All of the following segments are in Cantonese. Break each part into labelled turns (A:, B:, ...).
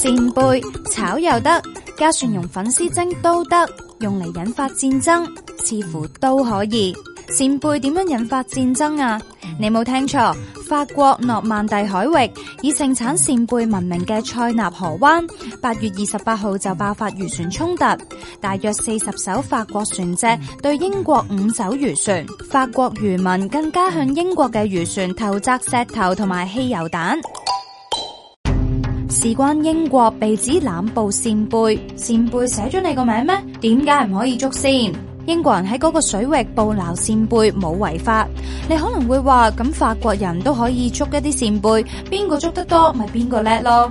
A: 扇貝炒又得，加蒜蓉粉絲蒸都得，用嚟引發戰爭，似乎都可以。扇貝點樣引發戰爭啊？你冇聽錯，法國諾曼第海域以盛產扇貝聞名嘅塞納河灣，八月二十八號就爆發漁船衝突，大約四十艘法國船隻對英國五艘漁船，法國漁民更加向英國嘅漁船投擲石頭同埋汽油彈。事關英國被指濫捕扇貝，扇貝寫咗你個名咩？點解唔可以捉先？英國人喺嗰個水域捕撈扇貝冇違法，你可能會話咁法國人都可以捉一啲扇貝，邊個捉得多咪邊個叻咯。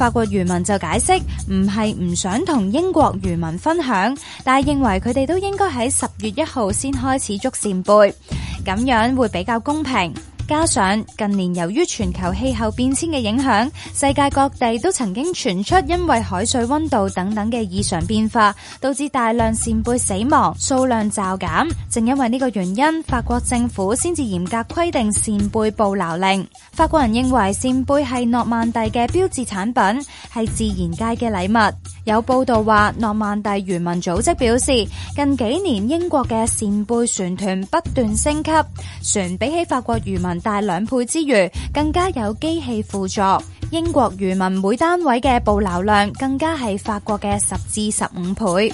A: 法國漁民就解釋，唔係唔想同英國漁民分享，但係認為佢哋都應該喺十月一號先開始捉扇貝，咁樣會比較公平。加上近年由於全球氣候變遷嘅影響，世界各地都曾經傳出因為海水溫度等等嘅異常變化，導致大量扇貝死亡、數量驟減，正因為呢個原因，法國政府先至嚴格規定扇貝捕撈令。法國人認為扇貝係諾曼第嘅標誌產品，係自然界嘅禮物。有報道話，諾曼第漁民組織表示，近幾年英國嘅扇貝船團不斷升級，船比起法國漁民大兩倍之餘，更加有機器輔助。英國漁民每單位嘅捕撈量，更加係法國嘅十至十五倍。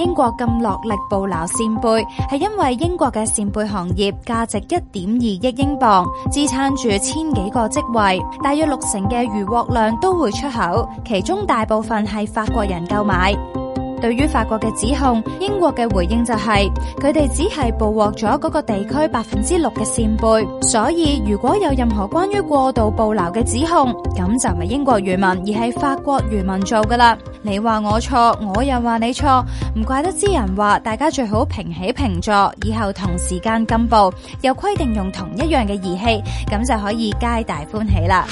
A: 英國咁落力捕撈扇貝，係因為英國嘅扇貝行業價值一點二億英鎊，支撐住千幾個職位，大約六成嘅漁獲量都會出口，其中大部分係法國人購買。對於法國嘅指控，英國嘅回應就係佢哋只係捕獲咗嗰個地區百分之六嘅扇貝，所以如果有任何關於過度捕撈嘅指控，咁就唔係英國漁民而係法國漁民做噶啦。你話我錯，我又話你錯，唔怪得之人話大家最好平起平坐，以後同時間禁捕，又規定用同一樣嘅儀器，咁就可以皆大歡喜啦。